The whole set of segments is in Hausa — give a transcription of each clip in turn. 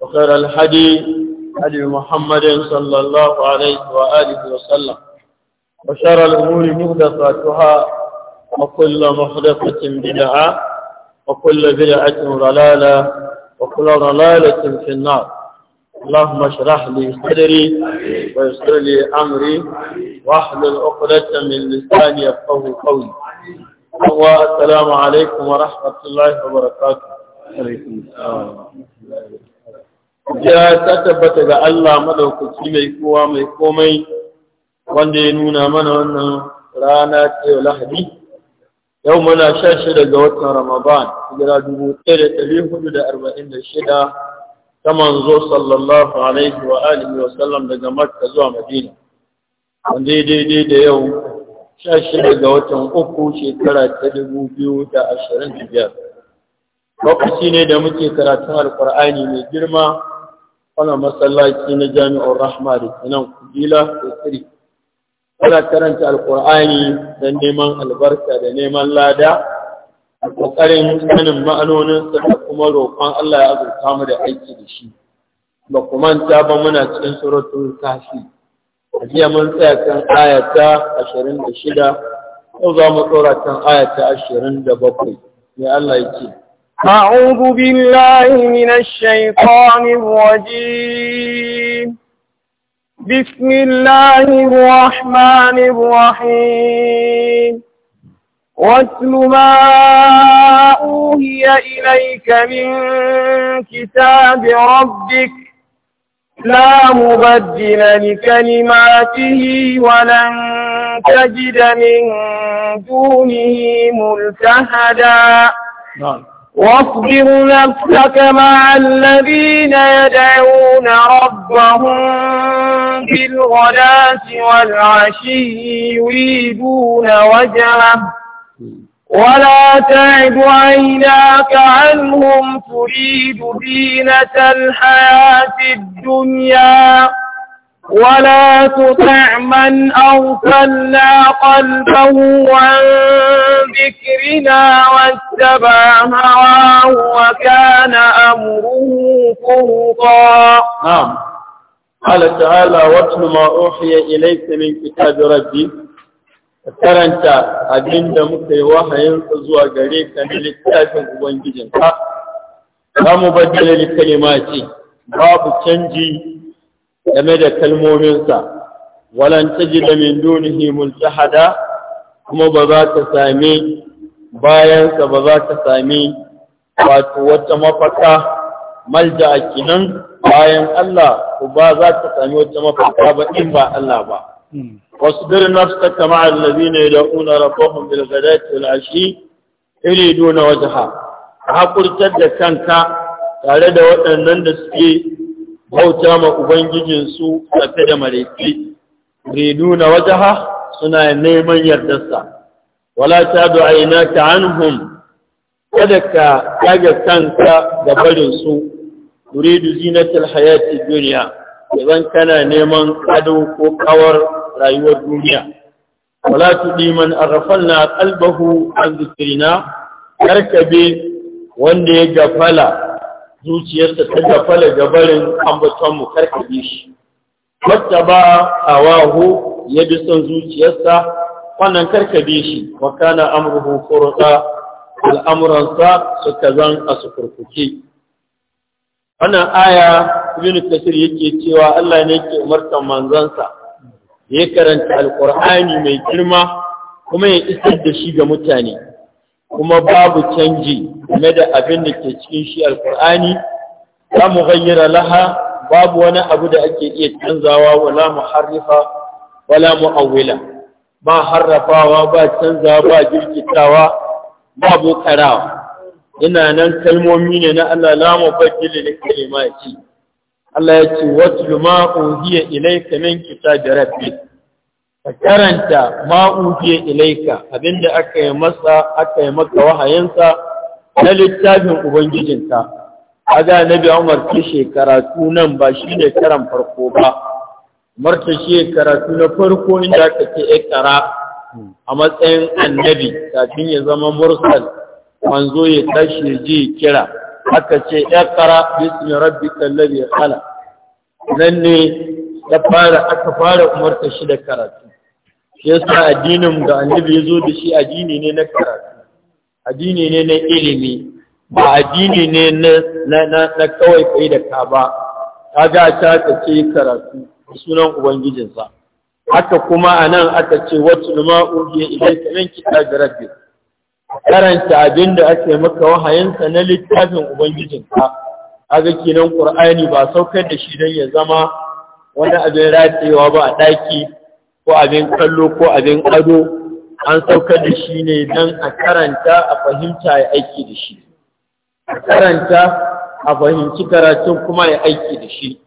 وخير الحدي حدي محمد صلى الله عليه وآله وسلم وشر الأمور مهدفاتها وكل مهدفة بدعة وكل بدعة ضلالة وكل ضلالة في النار اللهم اشرح لي صدري ويسر لي أمري واحلل عقدة من لساني يفقه قولي السلام عليكم ورحمة الله وبركاته. عليكم السلام ورحمة الله وبركاته. ya ta tabbata ga Allah madaukaki mai kowa mai komai wanda ya nuna mana wannan rana ce lahadi yau muna sha shida ga watan ramadan hijira dubu ɗaya da ɗari hudu da arba'in da shida ta manzo sallallahu alaihi wa alihi wa sallam daga makka zuwa madina wanda ya daidai da yau sha shida ga watan uku shekara ta dubu biyu da ashirin da biyar lokaci ne da muke karatun alkur'ani mai girma wannan masallaci na jami'ar rahma da nan kudila da siri ana karanta alkur'ani da neman albarka da neman lada a ƙoƙarin sanin ma'anonin da kuma roƙon Allah ya azurta mu da aiki da shi ba kuma ta ba muna cikin suratul kafi a jiya mun tsaya kan ayata ashirin da shida yau za mu tsora kan ayata ashirin da bakwai Allah ya ce أعوذ بالله من الشيطان الرجيم بسم الله الرحمن الرحيم واتل ما أوهي إليك من كتاب ربك لا مبدل لكلماته ولن تجد من دونه ملتهدا نعم واصبر نفسك مع الذين يدعون ربهم بالغداة والعشي يريدون وجهه ولا تعد عيناك عنهم تريد دينة الحياة الدنيا ولا تطع من أرسلنا قلبه عن ذكرنا واتبع هواه وكان أمره فرطا نعم قال تعالى واتل ما أوحي إليك من كتاب ربي karanta abin da muka yi wahayinsa zuwa gare ka na littafin Ubangijinka, za mu baddala da kalima ce, babu canji game da kalmominsa, walan taji da min dunihi multahada kuma ba za ta sami bayansa ba za ta sami wato wata mafaka malja kinan bayan Allah ko ba za ta sami wata mafaka ba in ba Allah ba Wasu ne da allazina rafofin rabbahum bil iri duna ashi ha. A hakurtar da kanka tare da waɗannan da suke bauta ma ubangijinsu fi da mareki yuriduna ha, suna neman yardarsa wala ta du'aina ta anhum kada ka kage kanka ga barin su turidu zinatul hayati dunya idan kana neman ado ko kawar rayuwar duniya wala tudi man albahu qalbahu an dhikrina karkabe wanda ya gafala zuciyarsa ta gafala gabarin ambaton mu karkabe shi wata ba hawahu ya bi son zuciyarsa wannan karkabe shi wa kana amruhu furqa al'amuransa suka zan a su kurkuke wannan aya ibn kasir yake cewa Allah ne yake marta manzansa ya karanta alqur'ani mai girma kuma ya isar da shi ga mutane kuma babu canji game da abin da ke cikin shi alqur'ani mu mughayyira laha babu wani abu da ake iya canzawa wala muharrifa wala mu'awwila ba harrafawa ba canza ba jirkitawa ba bokarawa ina nan kalmomi ne na Allah la mubaddil li kalimati Allah ya ce watlu ma ilaika ilayka min da rabbik ka karanta ma uhiya abinda aka yi masa aka yi maka wahayinsa na littafin A kaga nabi Umar ke shekara nan ba shi ne karan farko ba marta shi karatu na farko inda aka ce ikara a matsayin annabi kafin ya zama mursal manzo ya tashi ji kira aka ce ikara bismi rabbika alladhi khalaq nan ne ya fara aka fara marta shi da karatu yasa addinin da annabi ya zo da shi addini ne na karatu addini ne na ilimi ba addini ne na kawai kai da ka ba kaga ta ce karatu sunan ubangijinsa haka kuma a nan aka ce wata numa ubiya idan ka kita da rabbi karanta abin da ake maka wahayinsa na littafin a kaga kinan ƙur'ani, ba saukar da shi don ya zama wani abin ratsewa ba a ɗaki, ko abin kallo ko abin ado an saukar da shi ne don a karanta a fahimta ya aiki da shi a karanta a fahimci karatun kuma ya aiki da shi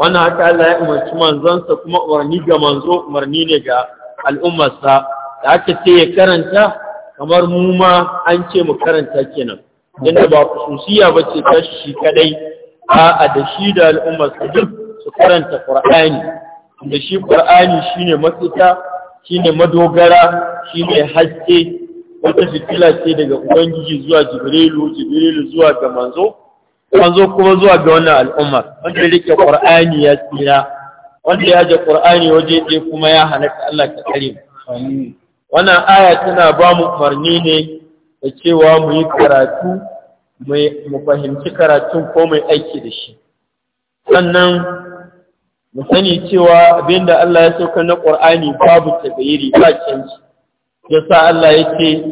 wannan haka Allah ya umarci manzonsa kuma umarni ga manzo umarni ne ga al'ummarsa da aka ce ya karanta kamar mu ma an ce mu karanta kenan inda ba kususiya ba ce ta shi kadai a da shi da al'ummarsa duk su karanta qur'ani da shi qur'ani shine mafita shine madogara shine haske wata fitila ce daga ubangiji zuwa jibrilu jibrilu zuwa ga manzo an kuma zuwa ga wannan al'umma wanda rike qur'ani ya tsira wanda ya ji qur'ani waje je kuma ya halaka Allah ta kare mu wannan aya tana ba mu umarni ne da cewa mu yi karatu mu fahimci karatu, ko mu aiki da shi sannan mu sani cewa abinda Allah ya sauka na qur'ani babu tabayiri ba canji yasa Allah yake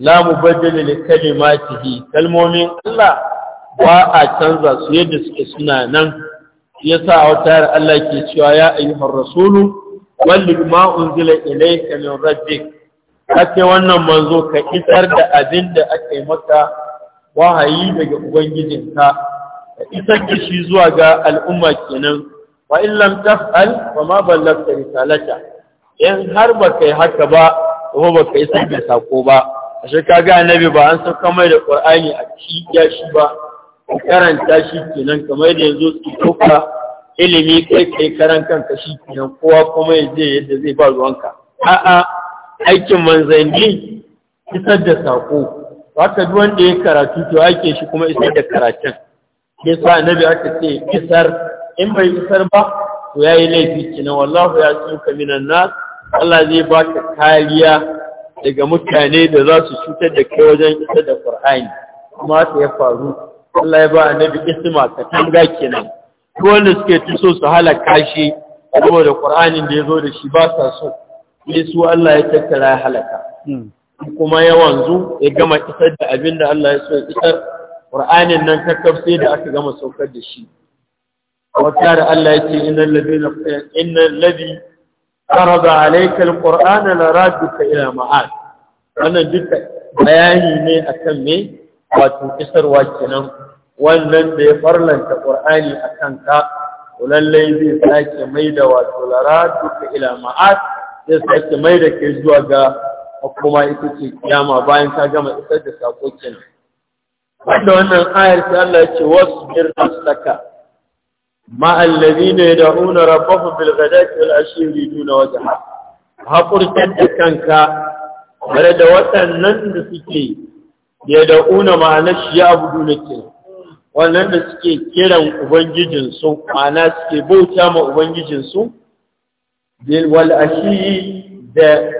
la mubaddala li kalimatihi kalmomin Allah ba a canza su yadda suke suna nan Ya sa a wata yara Allah ke cewa ya ayyuhar rasulu ma'un zila unzila ilayka rabbi rabbik ce wannan manzo ka isar da abin da aka yi maka wahayi daga ubangijinka ka isar da shi zuwa ga al'umma kenan wa in lam taf'al wa ma ballagta risalata in har ba kai haka ba ko ba kai isar da sako ba ashe ga annabi ba an saka mai da qur'ani a cikin shi ba karanta shi kenan kamar yadda yanzu su ɗauka ilimi kai kai karan kanka shi kenan kowa kuma ya je yadda zai ba ruwanka a'a aikin manzanni isar da sako haka duk wanda ya karatu to ake shi kuma isar da karatun yasa annabi aka ce isar in bai isar ba to yayi laifi kenan wallahu ya tsuka minan nas Allah zai baka kariya daga mutane da za su cutar da kai wajen isar da Qur'ani kuma ya faru Allah ya ba annabi isma tanga kenan duk wanda suke so su halaka shi saboda Qur'anin da yazo da shi ba sa so ne su Allah ya tattara ya halaka kuma ya wanzu ya gama isar da abin da Allah ya so isar Qur'anin nan kakkaf sai da aka gama saukar da shi wata da Allah ya ce innal ladina innal ladhi farada alayka alqur'ana ila ma'ad wannan duka bayani ne akan me wato isarwa kenan wannan da ya farlanta qur'ani akan ka lallai zai sake mai da wato laratu ka ila ma'at zai sake mai da ke zuwa ga kuma ita ce kiyama bayan ka gama isar da sako kenan wanda wannan ayar sai Allah ya ce wasbir nafsaka ma alladhina yad'una rabbahum bil ghadati wal ashi yuriduna wajha hakurtar da kanka bare da waɗannan da suke ya una ma'ana shi ya budu na ke wannan da suke kiran ubangijinsu ma'ana suke bauta ma ubangijinsu wal ashiyi da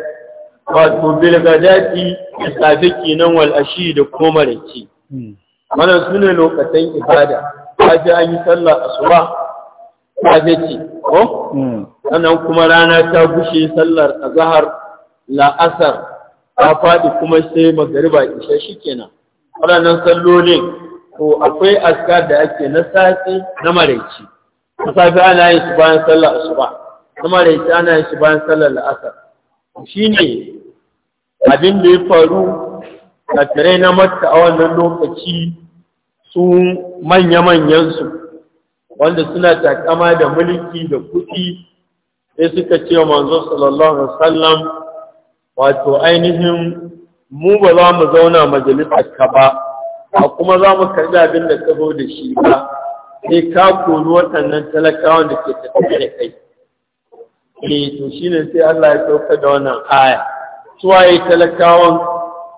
wato bilgadati da safe kenan wal ashiyi da kuma maraice mana su ne lokacin ibada kaji an yi sallah ta kaji ce ko hmm. sannan kuma rana ta gushe sallar a zahar la'asar ta faɗi kuma sai magariba isha shi kenan waɗannan sallolin to akwai askar da ake na safe na maraici na safe ana yin shi bayan sallar asuba na maraici ana yin shi bayan sallar la'asar Shi ne abin da ya faru a tare na matta a wannan lokaci su manya-manyansu wanda suna takama da mulki da kuɗi sai suka ce manzo sallallahu alaihi wasallam wato ainihin mu ba za mu zauna majalisarka ba a kuma za mu karɓi abin da ka da shi ba sai ka kori waɗannan talakawan da ke tafiya da kai eh to shine sai Allah ya sauka da wannan aya suwaye talakawan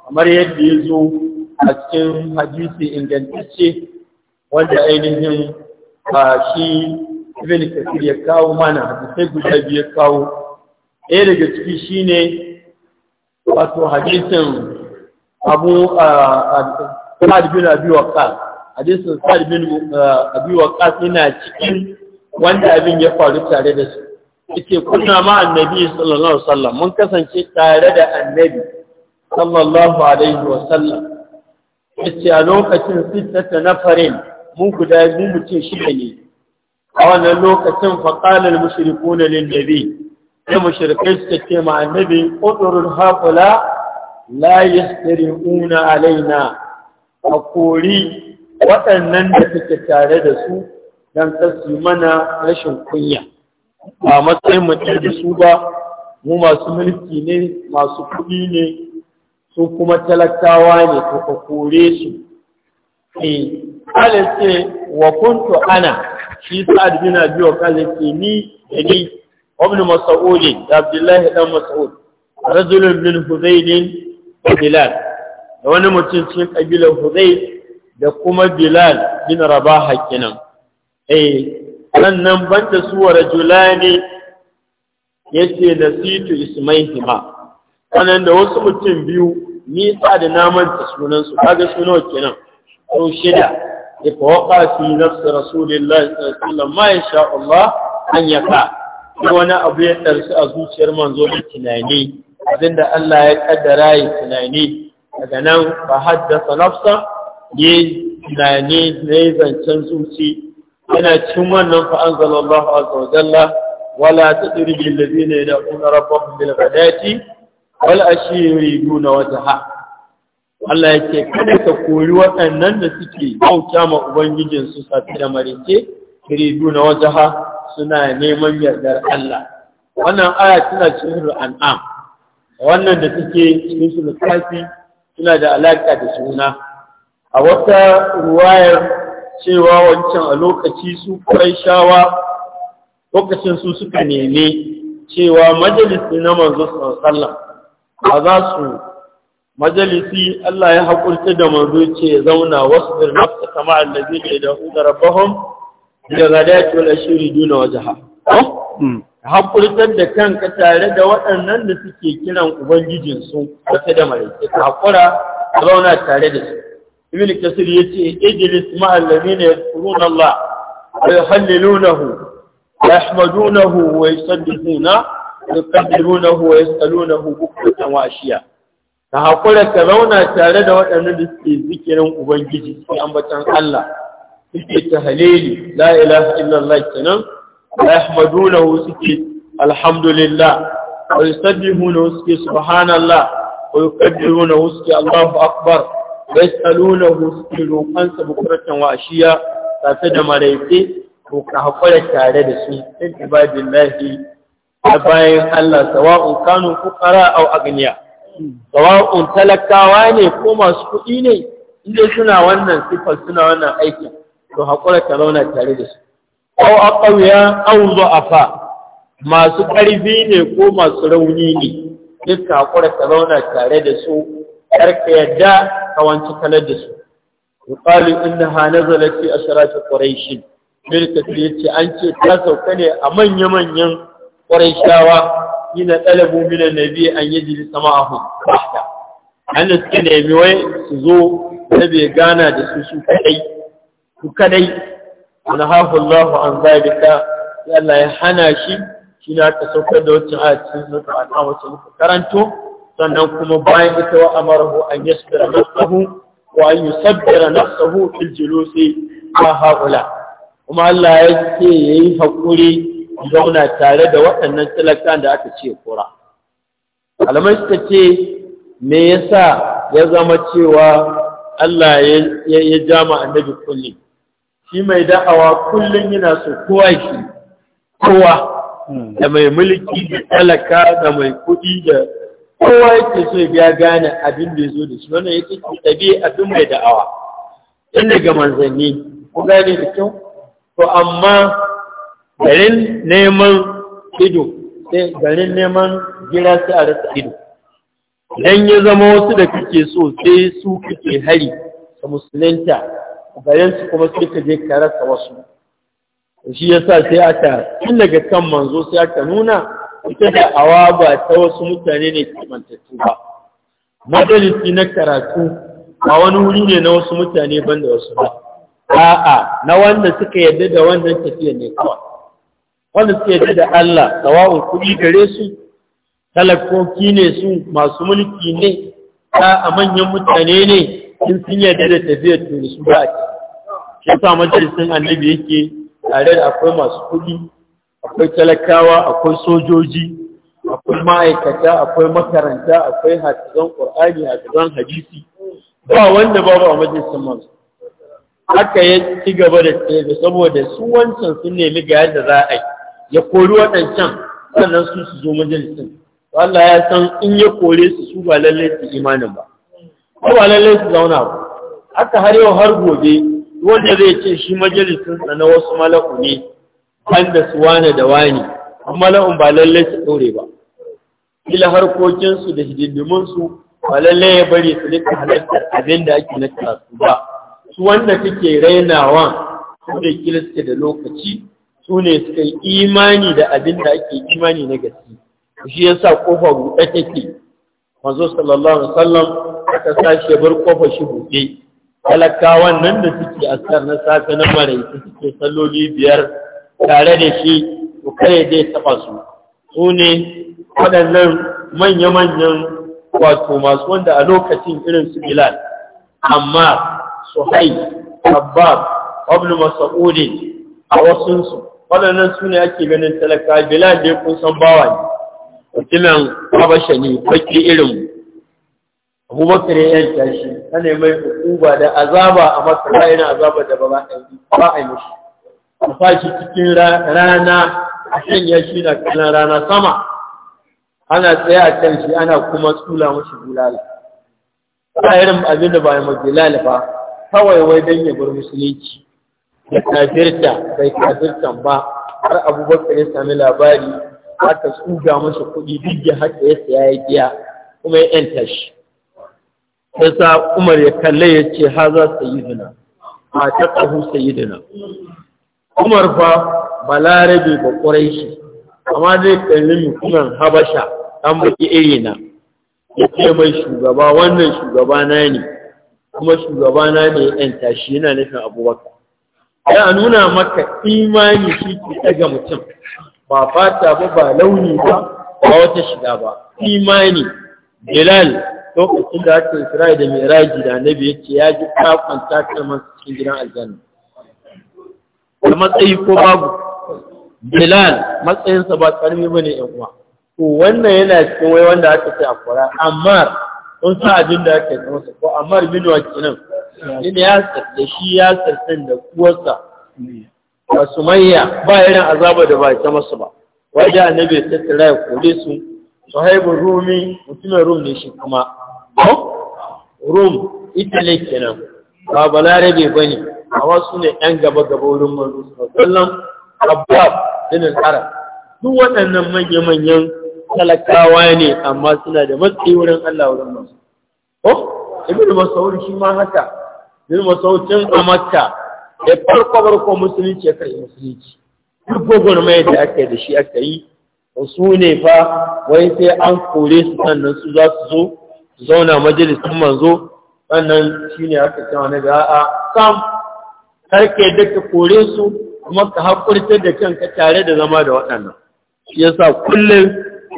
kamar yadda ya zo a cikin hadisi ingantacce wanda ainihin a shi ibn kafir ya kawo mana hadisai guda biyu ya kawo ɗaya daga ciki shine wato hadisin abu a bin abi waqas hadisin sa'ad bin abi waqas suna cikin wanda abin ya faru tare da su yake kunna ma annabi sallallahu alaihi wasallam mun kasance tare da annabi sallallahu alaihi wasallam yace a lokacin sittata farin. mun guda biyu mutum shida ne a wannan lokacin faqala al-mushrikuuna lin-nabi sai mushrikai suka ce ma annabi udurul haqula la yastari'una alaina a kori waɗannan da suke tare da su don kasu mana rashin kunya ba matsayin mutum da su ba mu masu mulki ne masu kuɗi ne su kuma talakawa ne to ka kore su eh kale wa kuntu ana shi sa'ad bin abi wa ni da ni وابن مسعود عبد الله بن مسعود رجل من Bilal, وبلال wani mutum cikin kabilar Hudayl da kuma Bilal bin Rabaha kenan eh sannan banta su wa rajulani yace nasitu ismaihima sannan da wasu mutum biyu ni sa da naman ta sunan su kaga sunawa kenan to shida ifaqa fi nafs rasulillahi sallallahu alaihi wasallam ma insha Allah an yaka ko wani abu ya ɗarsu a zuciyar manzo da tunani da Allah ya kaddara ya tunani daga nan ba haddasa nafsa ya tunani na yi zancen zuci yana cin wannan fa'an zalallahu a zaujalla wala ta ɗirgin da zai ne da ƙuna rabon bilbadati wala a shi yi na wata ha Allah ya ce kada ka koyi waɗannan da suke bauta ma Ubangijinsu safi da marike kiri na wata ha suna neman yardar Allah wannan aya tana cikin an'am wannan da take cikin su kafi suna da alaka da suna a wata ruwayar cewa wancan a lokaci su shawa lokacin su suka neme cewa majalisi na manzo sallam a za su majalisi Allah ya haƙurta da manzo ce zauna wasu birnafta kama allazi ne da hudu rabbahum da gadati wal ashiri duna wajha hmm. hakurtar da kanka tare da waɗannan da suke kiran ubangijin su wata da mai. ta hakura zauna tare da su ibn kasir yace ijlis ma alladhina yadhkuruna Allah wa yuhallilunahu wa yahmadunahu wa yusabbihuna wa yuqaddirunahu wa yasalunahu bukratan wa ashiya ta hakura ka zauna tare da waɗannan da suke zikirin ubangiji sai ambatan Allah suke tahalili la ilaha illallah kenan wa yahmadunahu suke alhamdulillah wa yusabbihunahu suke subhanallah wa yukabbirunahu suke Allahu akbar wa yasalunahu suke roƙon sa bukuratan wa ashiya da maraice ko ka haƙura tare da su in ibadillahi a bayan Allah sawa'un kanu fuqara aw agniya sawa'un talakawa ne ko masu kuɗi ne inda suna wannan sifar suna wannan aikin to hakura ta tare da su au aqawiya au du'afa masu ƙarfi ne ko masu rauni ne duk haƙura ta tare da su kar ka yadda ka wanci kalar da su yuqalu innaha nazalat fi asharat quraish bil yace an ce ta sauka ne a manya manyan quraishawa ina talabu min annabi an sama sama'ahu bahta an suka nemi wai su zo ta bai gana da su su kadai ku kadai wani hafin lahu an zalika ya Allah ya hana shi shi na ta saukar da wacce a cikin zuwa wacce muka karanto sannan kuma bayan ita wa amarahu an yi na nafsahu wa an yi yusabbira nafsahu fil sai ba haula kuma Allah ya ce ya yayi hakuri zauna tare da waɗannan talata da aka ce kura alamai suka ce me yasa ya zama cewa Allah ya jama annabi kullum? shi mai da'awa kullum yana so kowa shi kowa da mai mulki da talaka da mai kuɗi da kowa yake so ya gane abin da ya zo da shi wannan ya ce ɗabi abin mai da'awa in daga manzanni ko gane da kyau to amma garin neman ido sai garin neman gira sai a rasa ido idan ya zama wasu da kake so sai su kake hari ka musulunta su kuma sai ka je ka rasa wasu shi yasa sai aka tun daga kan manzo sai aka nuna ita da awa ba ta wasu mutane ne kimantattu ba majalisi na karatu ba wani wuri ne na wasu mutane ban da wasu ba a'a na wanda suka yarda da wannan tafiya ne kawai wanda suka yarda da Allah sawa'un kuɗi gare su talakoki ne su masu mulki ne a manyan mutane ne Kin sun da da tafiyar tuni su ba shi sa majalisin annabi yake tare da akwai masu kuɗi akwai talakawa akwai sojoji akwai ma'aikata akwai makaranta akwai hafizan qur'ani hafizan hadisi ba wanda babu a majalisin masu haka ya ci gaba da tsaye saboda su wancan sun nemi ga yadda za a yi ya kori waɗancan sannan su su zo majalisin Allah ya san in ya kore su su ba lallai su imanin ba ko ba lallai su zauna ba aka har yau har gobe wanda zai ce shi majalisun na wasu mala'u ne banda su wane da wani mala'un ba lallai su ɗore ba kila harkokinsu da hidindiminsu ba lallai ya bari su rika halartar abin da ake na ba su wanda kake rainawa su ne kilista da lokaci su ne suka yi imani da abin da ake imani na gaske shi yasa kofa buɗe take manzo sallallahu alaihi wasallam aka sashe bar kofa shi buɗe talakawan nan da suke askar na safe na su suke salloli biyar tare da shi ko kare zai taɓa su su ne waɗannan manya-manyan wato masu wanda a lokacin irin su bilal amma su hai abbab abu masa'udi a wasunsu waɗannan su ne ake ganin talaka bilal dai kun san bawa ne mutumin habasha ne baki irin abubakar ya yanka tashi, ana mai hukuba da azaba a masa ra'ayin azaba da ba ba a yi mishi a fashi cikin rana a ya shi na kanan rana sama ana tsaye a can shi ana kuma tsula mashi bulala ba irin abin da ba ya magulala ba kawai wai don ya bar musulunci da kafirta bai kafirta ba har abubakar ya sami labari aka tsuga masa kuɗi duk da haka ya saya ya giya kuma ya yanta shi yasa Umar ya kalle ya ce haza sayiduna ba ta tsahu sayyidina Umar fa balarabe ba ƙwarai shi, amma zai kalli mutumin Habasha an baki irina ya ce mai shugaba wannan shugabana ne kuma shugabana ne ya ɗanta shi yana nufin abubakar ya nuna maka imani shi ke ɗaga mutum ba fata ba ba launi ba ba wata shiga ba imani bilal lokacin da aka isra'i da miraji da annabi ya ce ya ji kafan takalman cikin gidan aljanna da matsayi ko babu bilal matsayinsa ba karmi bane yan uwa to wannan yana cikin wai wanda aka ce a kwara amma sun sa abin da aka yi masa ko amma bin kenan ina ya sarta shi ya sarta da kuwarsa ba su ba irin azaba da ba ta masu ba wajen annabi ya tattara ya kore su suhaibun rumi mutumin rum ne shi kuma rum italy kenan ba balarabe ba ne a wasu ne ɗan gaba-gaba wurin manzo sallan da dinin arab duk waɗannan manya-manyan talakawa ne amma suna da matsayi wurin allah wurin manzo ko ibn masaud shi ma haka ibn masaud tun a makka ya farko farko musulunci ya kai musulunci duk mai da aka yi da shi aka yi su ne fa wai sai an kore su sannan su za su zo zauna majalisun manzo wannan shine aka cewa na da'a sam karke da ka kore su kuma ka hakurtar da kanka tare da zama da waɗannan yasa kullum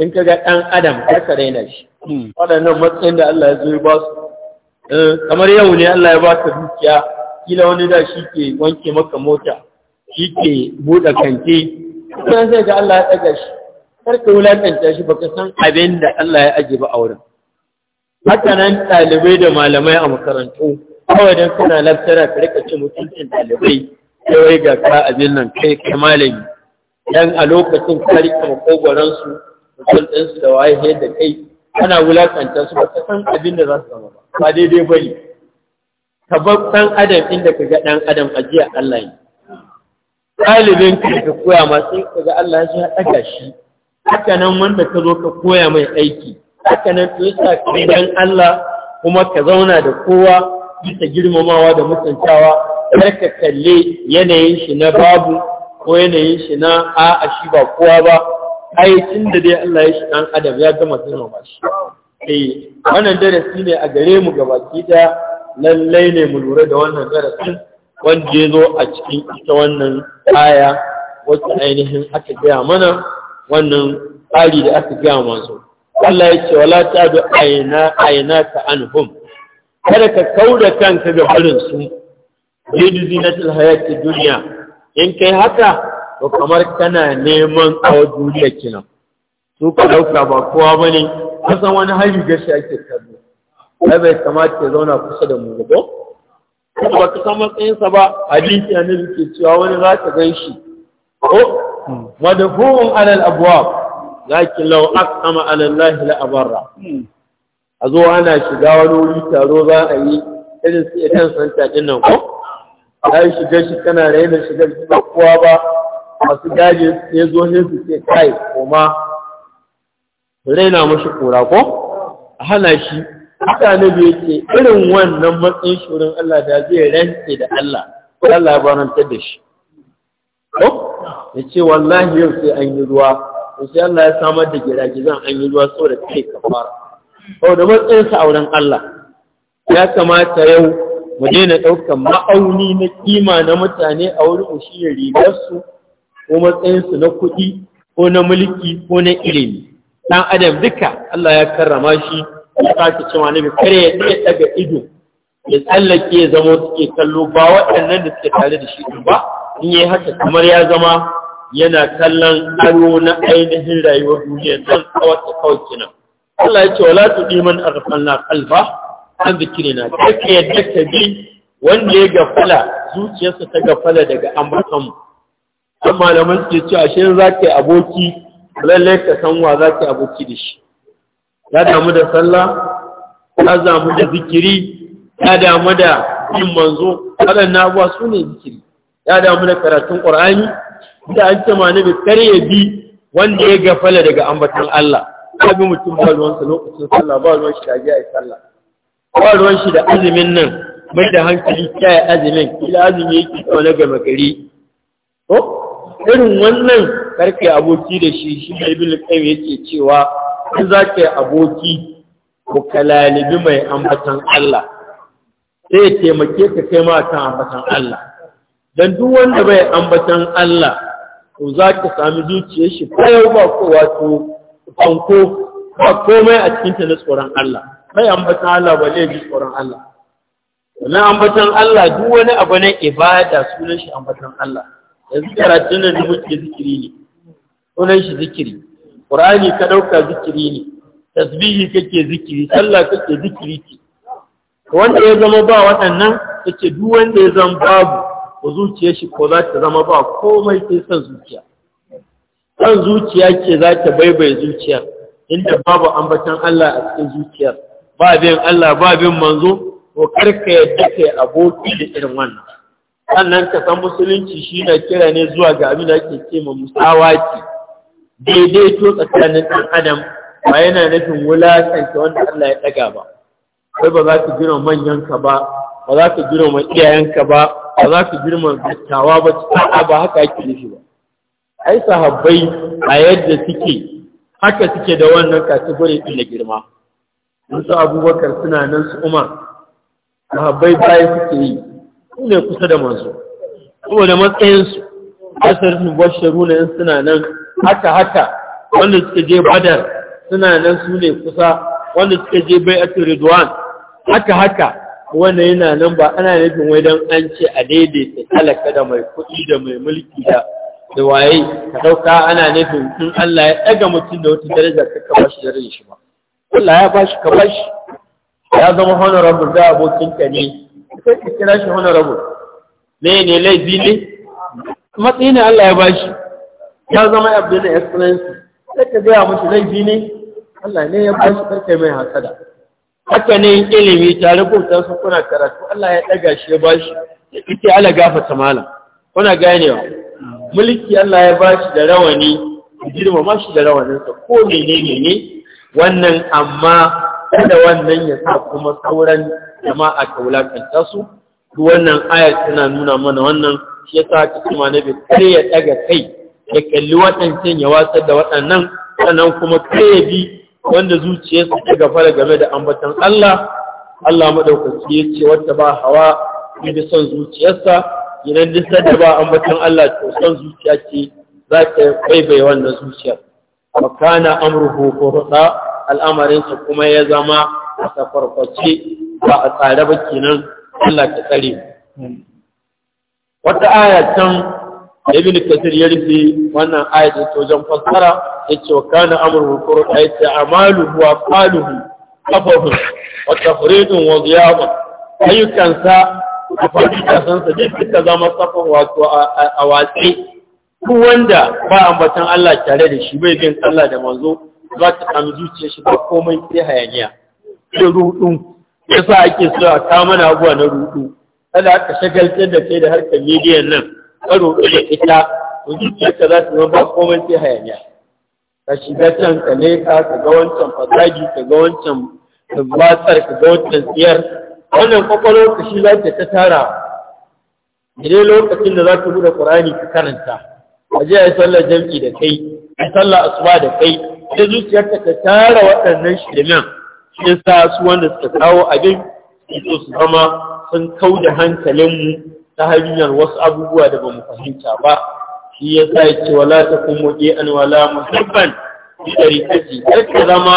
in ka ga ɗan adam ka raina shi hmm. waɗannan matsayin da Allah ya zo ya ba su eh, kamar yau ne Allah ya ba ka dukiya kila wani da shi ke wanke maka mota shi ke buɗe kanti kuma sai ga Allah ya ɗaga shi karka wulaƙanta shi baka san abin da Allah ya aje ba a wurin haka nan ɗalibai da malamai a makarantu kawai don kana laftara ka rika ci mutuncin ɗalibai yawai ga ka abin nan kai kai malami dan a lokacin ka rika su mutum ɗin da waye da kai ana wulakanta su ba ka san abin da za su zama ba ba daidai ba ne ka bar adam inda ka ga ɗan adam a jiya Allah ne ɗalibin ka ka koya ma sai ka ga Allah ya haɗa shi haka nan wanda ka zo ka koya mai aiki haka nan to yasa kai dan Allah kuma ka zauna da kowa bisa girmamawa da mutuntawa kar ka kalle yanayin shi na babu ko yanayin shi na a'a shi ba kowa ba ai tun da dai Allah ya shi dan adam ya gama ba shi eh wannan darasi ne a gare mu gabaki da lallai ne mu lura da wannan darasin wanda ya zo a cikin ita wannan aya wacce ainihin aka gaya mana wannan tsari da aka gaya masu Allah ya ce wala ta bi aina aina ka anhum kada ka kauda kanka ga barin su lidu zinatul hayati duniya. in kai haka to kamar kana neman kawo duniya kina su ka dauka ba kowa bane kasan wani hari gashi ake kallo ai bai kamata ya zauna kusa da mu ba ba ka san matsayinsa ba hadisi annabi ke cewa wani za ka gan shi ko hmm. madhufun alal abwab zaki lau aqama ala allahi la abarra hmm. a zo ana shiga wani wuri taro za a yi irin su idan santa din nan ko Ya yi shiga shi kana raina shigar shi ba kowa ba masu gaji ne zo ne su ce kai koma raina mashi kura ko a hana shi mutane bai ce irin wannan matsayin shirin Allah da zai rantse da Allah Allah ya barantar da shi ko ya ce wallahi yau sai an yi ruwa to sai Allah ya samar da gida gizan an yi ruwa saboda kai kafara da matsayin sa auren Allah ya kamata yau mu daina ɗaukar ma'auni na kima na mutane a wurin shi ne su, ko matsayinsu na kuɗi ko na mulki ko na ilimi ɗan adam duka Allah ya karrama shi ya sake cewa nabi kare ya ɗaya ɗaga ido ya tsallake ya zama suke kallo ba waɗannan da suke tare da shi ba in yi haka kamar ya zama yana kallon aro na ainihin rayuwar duniya don tsawata kawai kenan Allah ya ce wa wala tu diman na qalba an zikirina kake yadda ka bi wanda ya gafala zuciyarsa ta gafala daga ambaton mu an malaman ke ce ashe za ka yi aboki lallai ka san wa za ka yi aboki da shi ya damu da sallah ya damu da zikiri ya damu da yin manzo waɗannan abuwa su ne zikiri ya damu da karatun ƙur'ani da an ce ne kar ya bi wanda ya gafala daga ambatan Allah ka bi mutum ba sa lokacin sallah ba ruwan shi da aje yi sallah ba ruwan shi da azumin nan mai da hankali kiyaye azumin kila azumi yake ko na gama gari ko irin wannan karke aboki da shi shi mai bin kai yake cewa in za ka yi aboki ku kalalibi mai ambatan Allah sai ya taimake ka kai ma kan ambatan Allah dan duk wanda bai ambatan Allah to za ka sami zuciyar shi kayau ba ko wato fanko ba komai a cikinta na tsoron Allah mai ambatan Allah ba zai ji tsoron Allah wannan ambatan Allah duk wani abu na ibada sunan shi ambatan Allah yanzu karatun da muke zikiri ne sunan shi zikiri Qur'ani ka dauka zikiri ne tasbihi kake zikiri sallah kake zikiri ce wanda ya zama ba waɗannan kace duk wanda ya zama babu ko zuciyar shi ko za ta zama ba komai sai son zuciya son zuciya ce za ta baibai zuciyar inda babu ambatan Allah a cikin zuciyar ba bin Allah ba bin manzo ko karka yadda kai aboki da irin wannan sannan ka san musulunci shi na kira ne zuwa ga abin da ake ce ma musawaki daidaito tsakanin ɗan adam ba yana nufin wulakanta wanda Allah ya ɗaga ba kai ba za ka girma manyanka ba ba za ka girma iyayenka ba ba za ka girma dattawa ba a'a ba haka ake nufi ba ai sahabbai a yadda suke haka suke da wannan kategori din da girma in su abubakar suna nan su umar sahabbai baya suke yi su ne kusa da manzo saboda matsayinsu asar su basharu na yan suna nan haka haka wanda suka je badar suna nan su ne kusa wanda suka je bai a turiduwan haka haka wannan yana nan ba ana nufin wai don an ce a daidaita talaka da mai kuɗi da mai mulki da da waye ka ɗauka ana nufin in Allah ya ɗaga mutum da wata daraja ka ka bashi darajar shi ba Allah ya bashi ka bashi ya zama honorable da abokin ka ne sai ka kira shi honorable ne ne laifi ne matsayi ne Allah ya bashi ya zama abu abdul excellence sai ka gaya mashi laifi ne Allah ne ya bashi karkai mai hasada haka ne ilimi tare bauta su kuna karatu Allah ya daga shi ya bashi ya kike ala ta malam kuna gane wa? mulki Allah ya bashi da rawani girma ma shi da rawaninsa ko menene ne wannan amma kada wannan ya sa kuma sauran jama'a ta wulakanta su wannan ayar tana nuna mana wannan shi ya sa cikin manabi kar ya daga kai ya kalli waɗancan ya watsar da waɗannan sannan kuma kai ya bi wanda zuciyarsa ta gafara game da ambatan Allah Allah maɗaukaci ya ce wata ba hawa ya bi son zuciyarsa idan duk da ba ambatan Allah to son zuciya ce za ta kwaibai wannan zuciyar wa kana amruhu al'amarinsa kuma ya zama a safarkwace ba a tsare ba kenan Allah ta tsare hmm. wata ayatan. ibn kasir ya rufe wannan ayat da ta Fassara, ya yace wa kana amru qur'an yace amalu wa faluhu, qafahu wa tafridun wa ziyabun ayyukansa a farki kasansa duk suka zama safan wato a watsi ku wanda ba ambatan Allah tare da shi bai bin Allah da manzo za ta samu zuciya shi ba komai sai hayaniya sai rudu yasa ake so a kama na abuwa na rudu kada aka shagaltar da kai da harkar midiyan nan karo da ita to zuciyarka za ta zama ba komai sai hayaniya ka shiga can ka leka ga wancan fasadi ka ga wancan tabbatar ka ga wancan tsiyar wannan kwakwalo ka shi za ta tara idan lokacin da za ka buɗe ƙur'ani ka karanta a je a sallar jam'i da kai a sallar asuba da kai ta zuciyarka ta tara waɗannan shirmen shi sa su wanda suka kawo abin su zama sun kau da hankalinmu ta hanyar wasu abubuwa da ba mu fahimta ba shi ya sa ya ce wala ta kuma an wala muhibban bi ɗarikaci har ka zama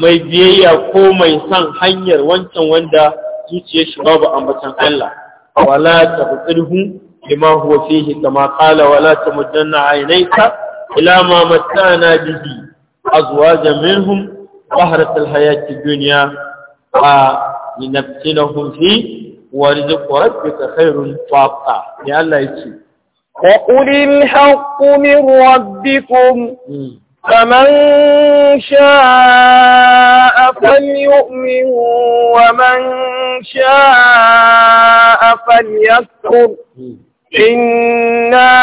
mai biyayya ko mai son hanyar wancan wanda zuciyar shi babu ambatan Allah wala ta butsirhu lima huwa fihi kama qala wala tamuddanna aynayka ila ma mattana bihi azwajan minhum zahrat alhayati dunya wa linaftinahum ورزق ربك خير وابقى يا الله يجي وقل الحق من ربكم فمن شاء فليؤمن ومن شاء فليكفر إنا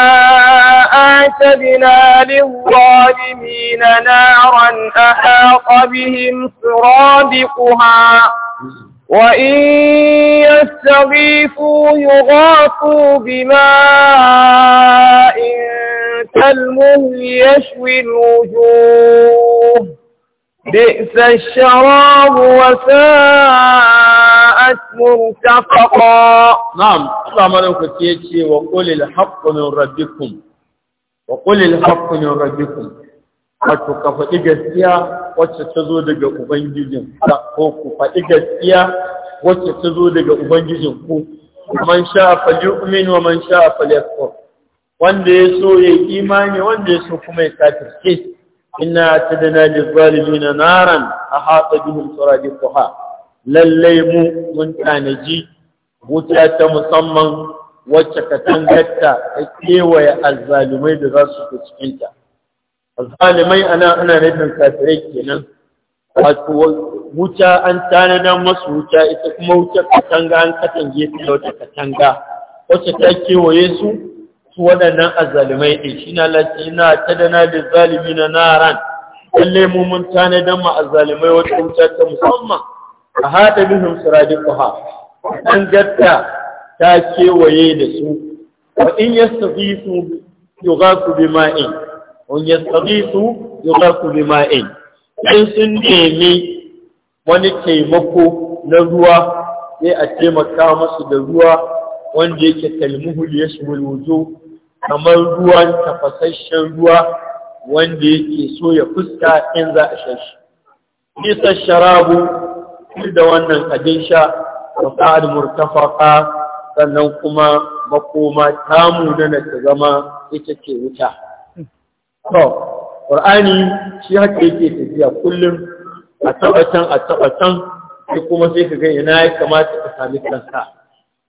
آتدنا للظالمين نارا أحاط بهم سرادقها وإن يستغيثوا يغاثوا بماء كالمهل يشوي الوجوه بئس الشراب وساءت مرتفقا نعم الله ملوك تيجي وقل الحق من ربكم وقل الحق من ربكم wato ka faɗi gaskiya wacce ta zo daga ubangijin ko ku faɗi gaskiya wacce ta zo daga ubangijin ku man sha fali umin wa man sha fali yakfur wanda ya so ya imani wanda ya so kuma ya kafirce inna tadana lil zalimin naran ahata bihim suradiquha lalle mu mun tanaji wuta ta musamman wacce ka tangatta ta kewaye alzalumai da za su ke cikinta zalimai ana ana nufin kafirai kenan wato wuta an tanada masu wuta ita kuma wuta katanga an katange ta wata katanga wacce ta kewaye su su waɗannan azalimai ɗin shi na lati na ta da na da zalimi na naran lalle mu mun tanada ma azalimai wata wuta ta musamman a haɗa bihim suradiquha an gatta ta kewaye da su wa in su yughasu bima'in in yastaghisu bi bima'in in sun nemi wani taimako na ruwa sai a taimaka masu da ruwa wanda yake ya yashmul wujuh kamar ruwan tafasasshen ruwa wanda yake so ya fuska in za a shashi nisa sharabu da wannan abin sha da sa'ad murtafaka sannan kuma makoma tamu da na ta zama ita ke wuta to qur'ani shi haka yake tafiya kullum a tabbatan a tabbatan sai kuma sai ka ga ina ya kamata ka sami kanka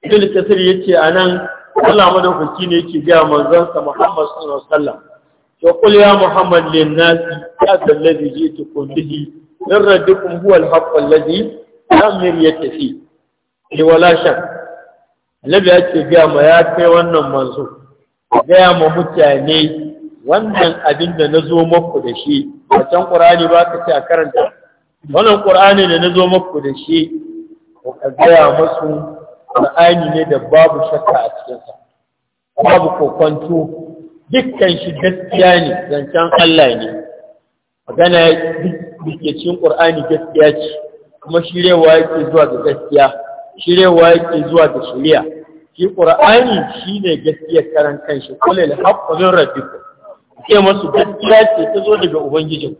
ibn kasir yace anan Allah madaukaki ne yake ga manzon sa Muhammad sallallahu alaihi wasallam to qul ya Muhammad lin nas ya alladhi ji'tukum bihi in raddukum huwa Ladi, haqq alladhi ya yatafi ni wala shak Annabi ya ce ga ma ya kai wannan manzo ga ma mutane wannan abin da na zo maku da shi a can ƙurani ba ka ce a karanta wannan ƙurani da na zo maku da shi ko ka gaya masu ƙurani ne da babu shakka a cikinsa babu kokonto dukkan shi gaskiya ne zancen Allah ne magana da cikin ƙurani gaskiya ce kuma shirewa yake zuwa ga gaskiya shirewa yake zuwa ga shari'a shi ƙur'ani shine gaskiya karan kanshi kullu da haqqu min rabbikum ce masu gaskiya ce ta zo daga ubangijin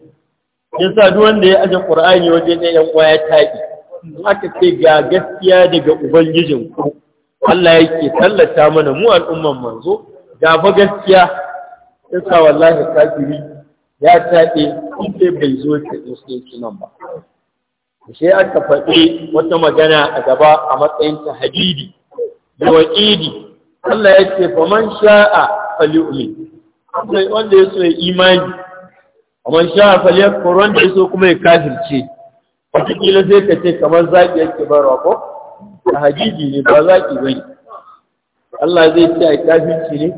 ya sa duk wanda ya aje qur'ani waje ne yan ya taƙi in aka ce ga gaskiya daga ubangijin ku Allah yake tallata mana mu al'umman manzo ga fa gaskiya ya sa wallahi kafiri ya taɗe inda bai zo ta musulunci nan ba sai aka faɗi wata magana a gaba a matsayin ta hadidi da waƙidi Allah ya ce man sha'a fali'umi wanda ya so ya imani amma sha falyakfur wanda ya so kuma ya kafirce wataƙila sai ka ce kamar zaƙi yake barwa ko a hajiji ne ba zaƙi ba ne Allah zai ce a kafirci ne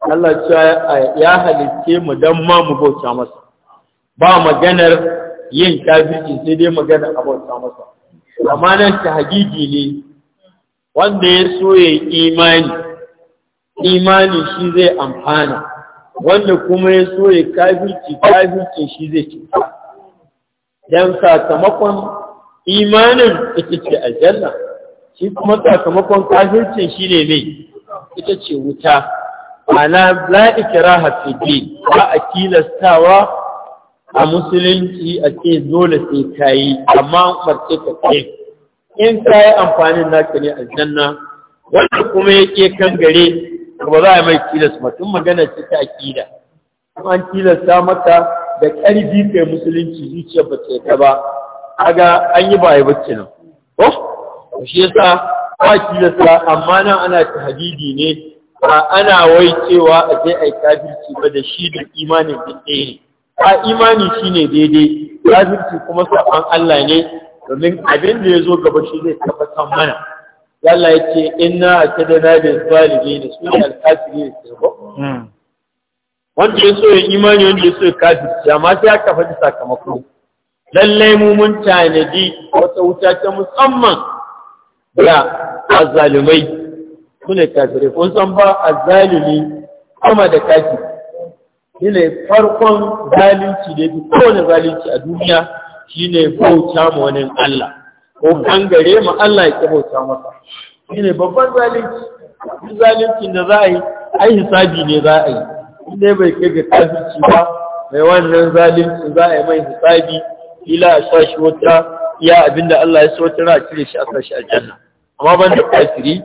Allah cewa ya halitce mu don ma mu bauta masa ba maganar yin kafirci sai dai magana a bauta masa amma nan ta hajiji ne wanda ya so ya imani imani shi zai amfana wanda kuma ya so ya kafirci kafircin shi zai ci dan sakamakon imanin ita ce aljanna shi kuma sakamakon kafircin shi ne mai ita ce wuta ana la ikraha fi din ba a kilastawa a musulunci a ce dole sai ta yi amma marce ta ce in ka yi amfanin naka ne aljanna wanda kuma yake kan gare ba za a mai tilas ba magana ce ta aƙida kuma an tilasta mata da ƙarfi kai musulunci zuciyar ba ta ba aga an yi baya bacci nan ko shi yasa ba tilasta amma nan ana ta hadidi ne ba ana wai cewa a je yi kafirci ba da shi da imanin da ne a imani shi ne daidai kafirci kuma saban Allah ne domin abin da ya zo gaba shi zai tabbatar mana Yalla ya ce inna a tada na da ne da su ne alkafiri da su ko hmm. wanda ya so ya imani wanda ya so ya kafirci amma sai aka faɗi sakamako lallai mu mun tanadi wata wuta ta musamman da azzalumai su ne kafirai kun san ba azalumi kuma da kafi shi ne farkon zalunci da ya fi kowane zalunci a duniya shi ne bauta ma wani Allah ko gangare ma Allah ya kibauta masa shine babban zalunci Zalunci da za a yi ai hisabi ne za a yi inda bai kai ga kafirci ba mai wannan zalunci za a yi mai hisabi ila a sa shi wata iya abinda Allah ya so tara a cire shi a sa shi janna amma ban da kafiri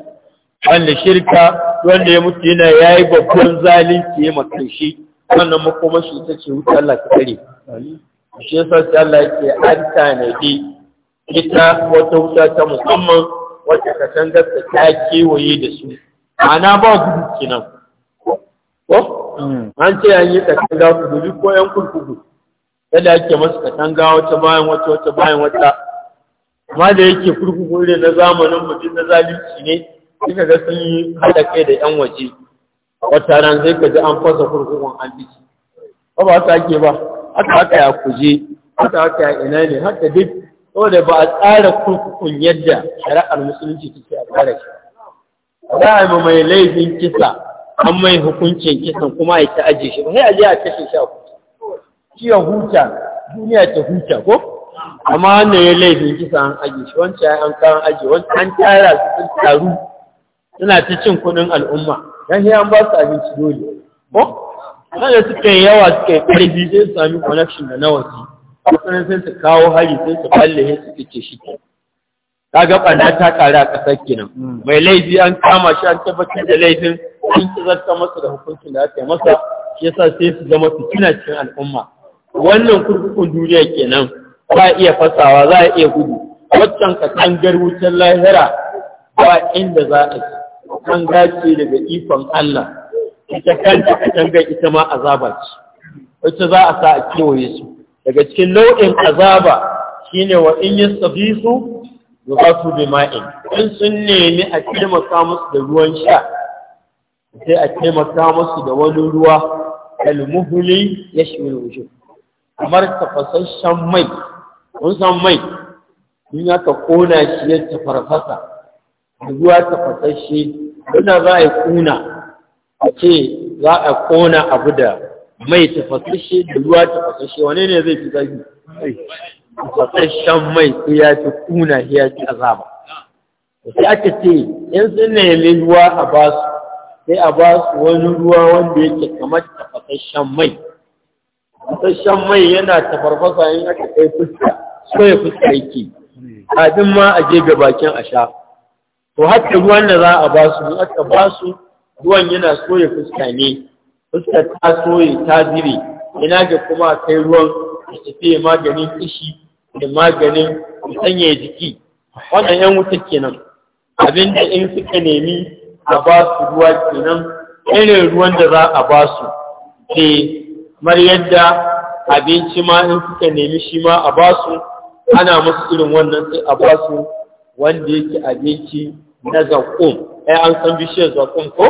wanda shirka wanda ya mutu yana yayi babban zalunci ya makan shi wannan makomashi ita ce wuta Allah ta kare shi yasa sai Allah yake an tanadi ita wata wuta ta musamman wacce katangar ta ta kewaye da su ana ba gudu nan. ko hmm. an ce an yi katanga ku gudu ko yan kurkuku kada ake masu katanga wata bayan wata wata bayan wata ma da yake kurkuku ne na zamanin mutum na zalunci ne suka ga sun yi haɗa kai da yan waje wata ran zai ka ji an fasa kurkukun an biki ba ba ta ake ba haka haka ya kuje haka haka ya ina ne haka duk saboda ba a tsara kurkukun yadda shari'ar musulunci take a tsara shi za a mai laifin kisa an mai hukuncin kisan kuma ya ta ajiye shi ba sai a je a kashe shi a kusa. shi ya huta duniya ta huta ko amma wannan ya laifin kisa an ajiye shi wancan ya an kawo ajiye wancan an tara su sun taru suna ta cin kuɗin al'umma dan sai an ba su abinci dole ko wanda suka yi yawa suka yi ƙarfi sai su sami connection da na waje wasu sai su kawo hari sun su balle su kice shi ke ka ga ɓana ta ƙare a ƙasar kenan mm. mai laifi an kama shi an tabbatar da laifin sun ci zarta masa da hukuncin da ake masa shi yasa sai su zama su kina cikin al'umma wannan kurkukun duniya kenan za a iya fasawa za a iya gudu waccan kan garwucin lahira ba inda za a ci an gace daga ikon Allah ita kanta ga ita ma azaba ce wacce za a sa a kewaye su daga cikin nau'in azaba shine wa in yastafisu yughasu bima'in in sun nemi a taimaka musu da ruwan sha sai a taimaka musu da wani ruwa almuhli yashmil wujuh kamar tafasasshen mai kun san mai in yaka kona shi ya tafarfasa ruwa tafasasshe kuna za a yi kuna a ce za a kona abu da mai tafasashe da ruwa tafasashe wane ne zai fi zafi tafasashen mai sai ya fi kuna ya fi azaba sai aka ce in sun nemi ruwa a ba su sai a ba su wani ruwa wanda yake kamar tafasashen mai tafasashen mai yana tafarfasa in aka kai fuska so ya fuska yake kafin ma a je ga bakin a sha to haka ruwan da za a ba su in aka ba su ruwan yana so ya fuska ne fuskar ta soye ta dire ina ga kuma kai ruwan da tafi maganin kishi da maganin sanya jiki wannan yan wuta kenan abinda in suka nemi a ba su ruwa kenan irin ruwan da za a ba su ke mar yadda abinci ma in suka nemi shi ma a ba su ana musu irin wannan sai a ba su wanda yake abinci na zaƙo. ai eh, an san bishiyar zakum ko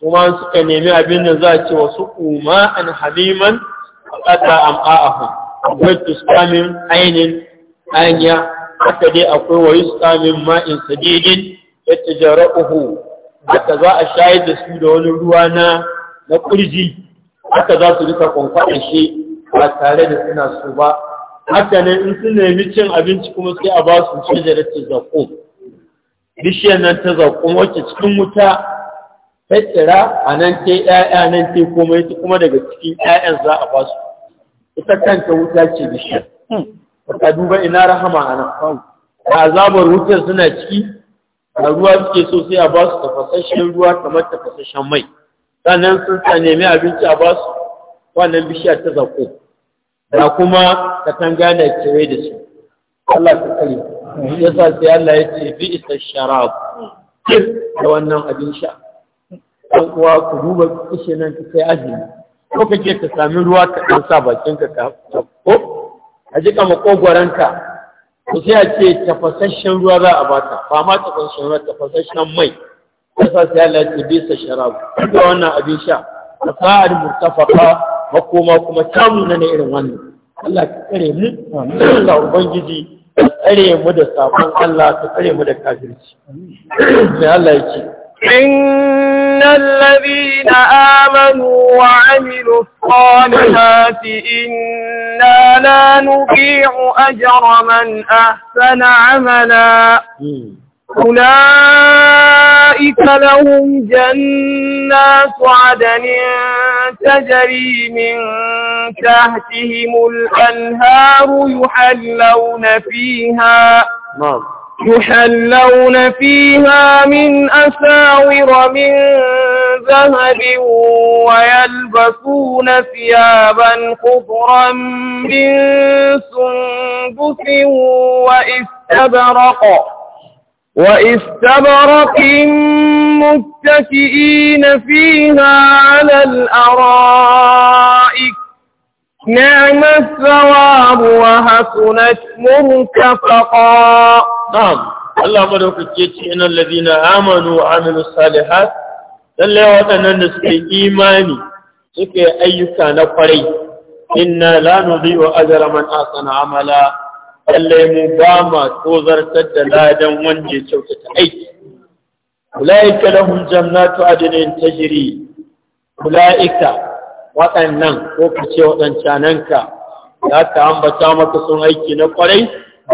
kuma suka nemi abin da za a ce wasu kuma an haliman a ƙasa am'a'ahu akwai tuskamin ainin anya haka dai akwai wa yi ma'in sadidin ya uhu haka za a shayar da su da wani ruwa na na ƙurji haka za su rika kwankwaɗa shi ba tare da suna so ba haka nan in sun nemi cin abinci kuma sai a ba su da ta zaƙo bishiyar nan ta zaƙo wacce cikin wuta ta a nan ce ‘ya'ya nan ce kuma ta kuma daga cikin ‘ya'yan za a ba su ita kanta wuta ce bishiyar hmm. ka duba ina rahama a nan da azabar wutar suna ciki A ruwa suke so sai a ba su tafasasshen ruwa kamar tafasasshen mai sannan sun ta nemi abinci a ba su wannan bishiya ta zaƙo da kuma katanga na cire da su Allah ta ya yasa sai Allah ya ce bi isa sharab da wannan abin sha ɗan uwa ku duba kishi nan ka kai azumi ko ce ka sami ruwa ka ɗan sa bakinka ka ko a jika ka. ku sai a ce tafasasshen ruwa za a baka ba ma tafasasshen ruwa tafasasshen mai kasa sai Allah ya sa sharabu da wannan abin sha da sa'ar murtafaka makoma kuma tamu na irin wannan Allah ka tsare mu da ubangiji ka tsare mu da sabon Allah ka tsare mu da kafirci sai Allah ya ce إن الذين آمنوا وعملوا الصالحات إنا لا نضيع أجر من أحسن عملا أولئك لهم جنات عدن تجري من تحتهم الأنهار يحلون فيها نعم يحلون فيها من أساور من ذهب ويلبسون ثيابا خضرا من سندس وإستبرق وإستبرق متكئين فيها على الأرائك نعم الثواب وحسنت مرتفقا na'am Allah madaukake ce innal ladina amanu wa amilus salihat lalle waɗannan da suke imani suke ayyuka na kwarai inna la nudhi'u ajra man ahsana amala lalle mu ba ma tozartar da ladan wanda ya kyautata aiki ulaika lahum jannatu adnin tajri ulaika waɗannan ko kace waɗancananka za ka ambata maka sun aiki na kwarai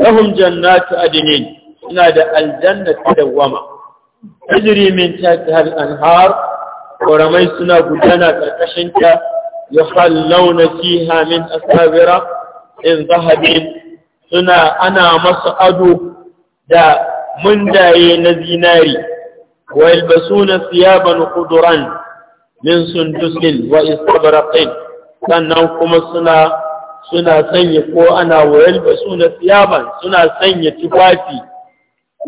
lahum jannatu adnin suna da aljanna ta dawama tajri min tahtiha al-anhar ƙoramai suna gudana ƙarƙashin ta yuhallawna fiha min asabira in zahabin suna ana masu ado da mundaye na zinari wa yalbasuna thiyaban quduran min sundusin wa istabraqin sannan kuma suna suna sanya ko ana wayar ba suna siyaban suna sanya tufafi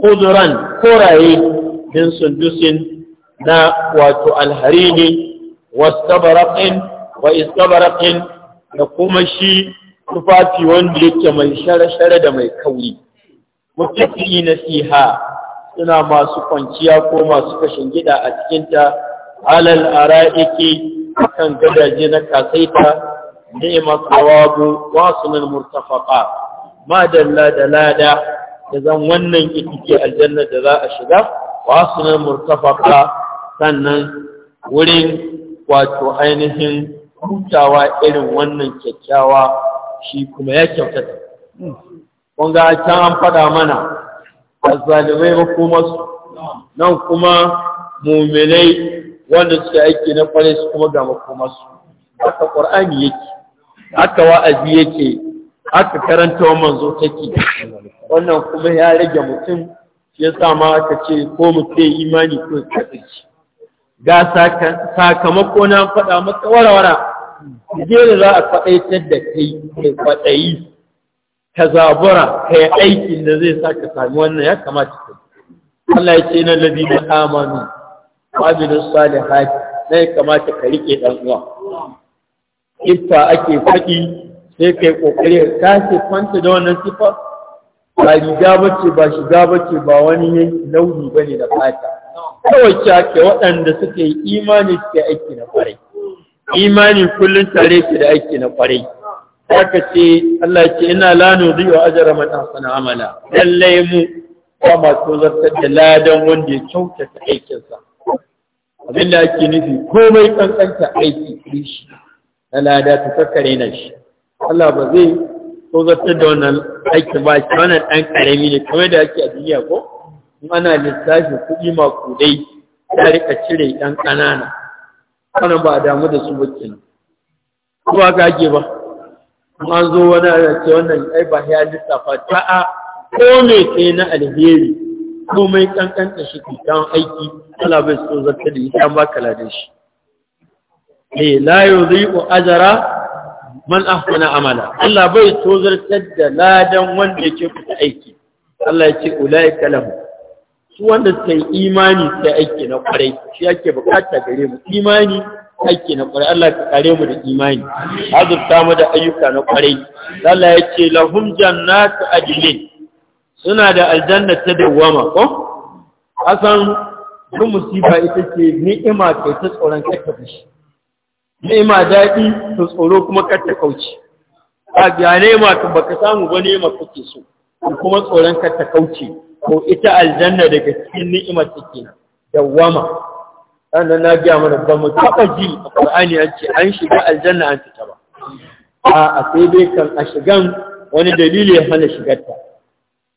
kuduran koraye din sundusin na wato alharini wastabarakin wa istabarakin da kuma shi tufafi wanda yake mai share-share da mai kauri mutafi na siha suna masu kwanciya ko masu kashin gida a cikinta alal ara'iki kan gadaje na kasaita ni'ma thawabu wa sunal murtafaqat ma dalla lada da zan wannan ita aljanna da za a shiga wa murtafaka murtafaqa sannan wurin wato ainihin hutawa irin wannan kyakkyawa shi kuma ya kyautata kun ga can an faɗa mana azzalimai ba kuma nan kuma muminai wanda suke aiki na kwarai su kuma ga makomarsu haka ƙwar'ani yake haka wa'azi yake aka karanta manzo take wannan kuma ya rage mutum ya sa aka ce ko mutum ya imani ko ya ci ga sakamako na faɗa maka warawara jere za a faɗaitar da kai kai faɗayi ka zabura ka yi aikin da zai sa ka sami wannan ya kamata ka Allah ya ce nan labi na amanu wa da salihati na ya kamata ka riƙe ɗan uwa ifta ake faɗi sai kai ƙoƙari ka ce kwanta da wannan sifa ba riga ce ba shiga ce ba wani yanki launi bane da fata kawai ce ake waɗanda suke yi imani suke aiki na ƙwarai. imani kullum tare ke da aiki na ƙwarai. haka ce Allah ce ina lanu zuwa ajara man ahsana amala lallai mu ba ma zartar da ladan wanda ya kyautata aikinsa abinda ake nufi komai kankanta aiki shi alada ta kakare na shi Allah ba zai tozartar da wannan aiki ba shi wannan ɗan ƙarami ne kamar da ake a duniya ko ana lissafin kuɗi makudai ta rika cire ɗan ƙanana wannan ba a damu da su ba kenan ko ba ka ba an zo wani a ce wannan ai ba ya lissafa ta'a ko mai kai na alheri komai ƙanƙanta shi kan aiki Allah bai so da ita ba kala da shi eh la yudhi'u ajara man ahsana amala Allah bai tozartar da ladan wanda yake fita aiki Allah ya ce ulaika su wanda sai imani sai aiki na kwarai shi yake bukata gare mu imani aiki na kwarai Allah ka kare mu da imani azurta mu da ayyuka na kwarai Allah ya ce lahum jannatu adlin suna da aljanna ta dawama ko asan duk musiba ita ce ni'ima kai ta tsoron kai fushi nema daɗi to tsoro kuma kar ta kauce a ga nema ka baka samu ba nema kake so kuma tsoron kar ta ko ita aljanna daga cikin ni'imar take dawama. sannan na biya mana ba mu taɓa ji a ƙur'ani an ce an shiga aljanna an fita ba a sai dai kan a shigan wani dalili ya hana shigarta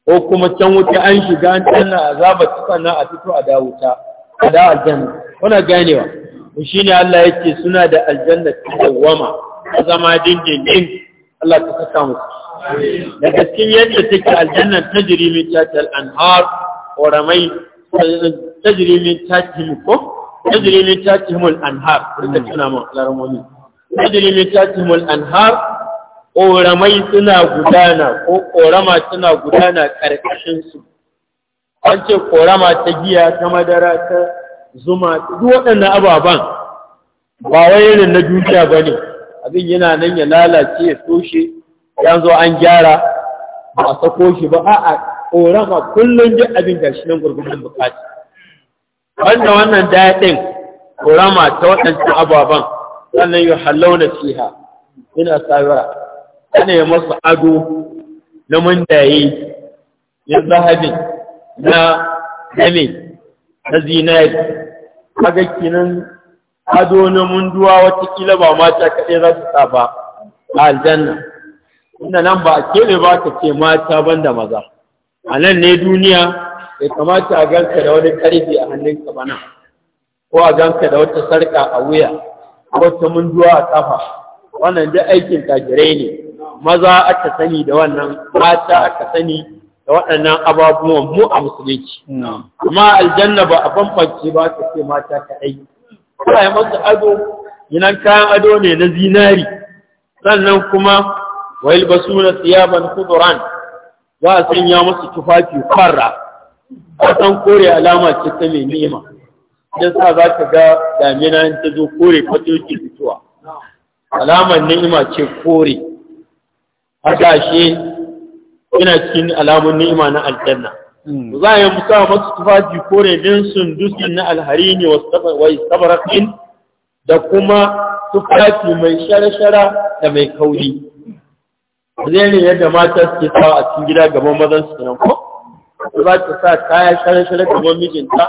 ko kuma can wuta an shiga an tsanna azaba tukana a fito a dawo ta a dawo aljanna kuna ganewa shi ne Allah yake suna da aljanna ta dawama ta zama dindindin Allah ta saka musu da gaskin yadda take aljanna ta jiri min tatil anhar ƙoramai ta jiri min tatil ko ta jiri min tatil anhar da tuna mu larmomi ta jiri min tatil anhar ƙoramai suna gudana ko ƙorama suna gudana ƙarƙashinsu. su an ce ƙorama ta giya ta madara ta zuma duk waɗannan ababen ba wai na dukiya ba ne abin yana nan ya lalace ya soshe. ya zo an gyara ba a sako shi ba a'a tsoron a kullum duk abin da shi nan gurgurin bukaci wanda wannan daɗin ƙorama ta waɗancan ababen sannan yi hallau na fiha ina tsawira ana yi masu ado na mundaye ya zahabin na gamin. na zinari kaga kinan ado na munduwa watakila ba mata kaɗai za su sa ba a aljanna inda nan ba a keɓe ba ka ce mata banda maza a nan ne duniya ya kamata a ganka da wani ƙarfi a hannunka bana ko a ganka da wata sarƙa a wuya wata munduwa a kafa. wannan duk aikin tajirai ne maza aka sani da wannan mata aka sani da waɗannan ababuwan mu a musulunci Amma aljanna ba a bambance ba ta ce mata aiki. kuma ya masa ado yinan kayan ado ne na zinari sannan kuma ba basu na tsiyaban kuduran za a sanya masu tufafi farra kasan kore alama ce ta mai nema idan sa za ka ga damina ta zo kore fatoki fitowa alamar ni'ima ce kore hadashe yana cikin alamun ni'ima na aljanna hmm. za a yi musa masu tufafi kore din dusi na alhari ne wa sabarakin da kuma tufafi mai shara-shara da mai kauri zai ne yadda mata suke sawa a cikin gida gaban mazan su nan ko za ta sa kaya shara-shara gaban mijinta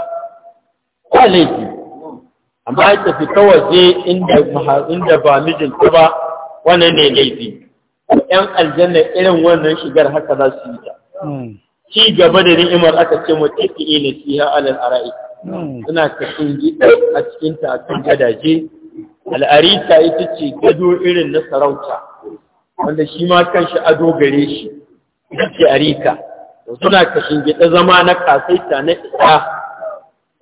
ba laifi amma ta fita waje inda ba mijinta ba wannan ne laifi yan aljanna irin wannan shigar haka za su yi ta hmm. ci gaba da ni'imar aka ce mu tafi ne fiha alal ara'i hmm. suna cikin gida a cikin ta kan gadaje al'arita ita ce gado irin na sarauta wanda shi ma shi ado gare shi yake arika suna kashin gida zama na ta na isa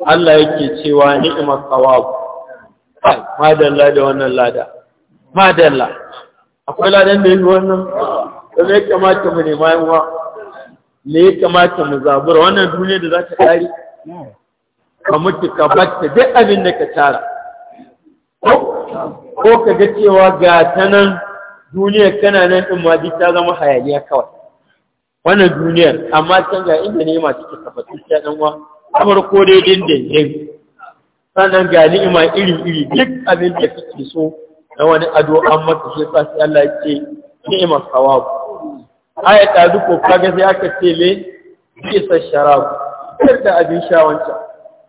Allah yake cewa ni'imar tsawabu madalla da wannan lada madalla akwai ladan da yi wannan da zai kamata mu nema yawa me ya kamata mu zabura wannan duniya da za ta kare ka mutu ka batta duk abin da ka tara ko ka ga cewa ga ta nan duniya kana nan ɗin ma ta zama hayaniya kawai wannan duniyar amma can ga inda nema take tabbatu ta dan wa kamar ko dai dindin sannan ga ni'ima iri iri duk abin da kake so na wani ado an masa shi yasa sai Allah ya ce ni'mat sawab aya ta duko kaga sai aka ce me kisa sharab kar da abin sha wancan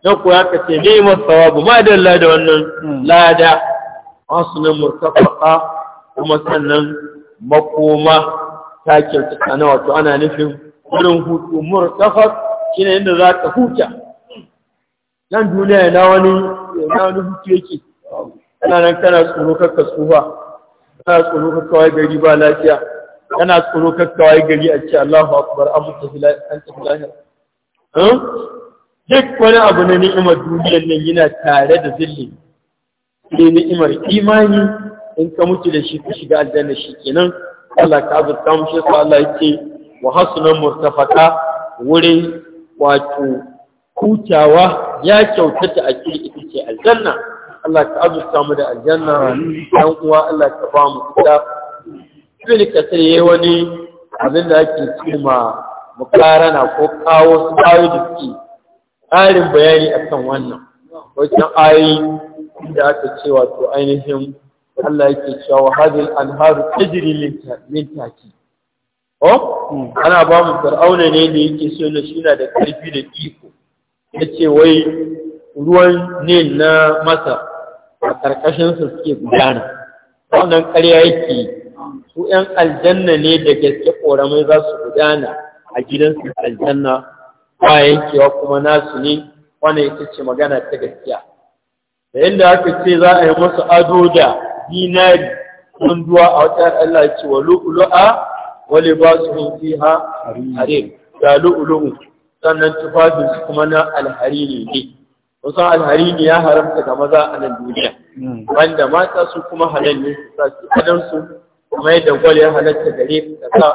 na ko aka ce ni'mat sawab ma Allah da wannan lada wasu nan murtafaqa kuma sannan makoma ta kyautata wato ana nufin wurin hutu murtafaq shine inda za huta nan duniya na wani na wani hutu yake kana nan kana tsoro kakka tsufa kana tsoro kakka wai gari ba lafiya kana tsoro kakka wai gari a ce Allahu akbar an mutu an tafi lahira hmm? duk wani abu na ni'imar duniyar nan yana tare da zilli ne ni'imar imani in ka mutu da shi ka shiga aljanna shi kenan Allah ka azurta mu shi sa Allah yake wa hasunan murtafaka wurin wato hutawa ya kyautata a cikin ita ce aljanna Allah ka azurta mu da aljanna dan uwa Allah ka ba mu kuda ibn kasir yayi wani abin da ake cewa mukarana ko kawo su ayoyi da suke ƙarin bayani akan wannan wajen ayi da aka ce wato ainihin Allah yake cewa hadil anharu tajri min taki oh ana ba mu fir'auna ne da yake so na shi da karfi da iko yace wai ruwan ne na masa a ƙarƙashinsu suke gudana wannan ƙarya yake su ‘yan aljanna ne da gaske ƙoramai za su gudana a gidansu aljanna ba yankewa kuma nasu ne wannan ita ce magana ta gaskiya da yadda aka ce za a yi masu ado da dinari duwa a wata Allah ce wa lu'lu'a wale ba su fiha harim ga lu'lu'u sannan tufafinsu kuma na ne ne kusan alharini ya haramta ga maza a nan duniya hmm. wanda mata su kuma halal ne su sa su kadan su kuma yadda gwal ya halatta gare ka sa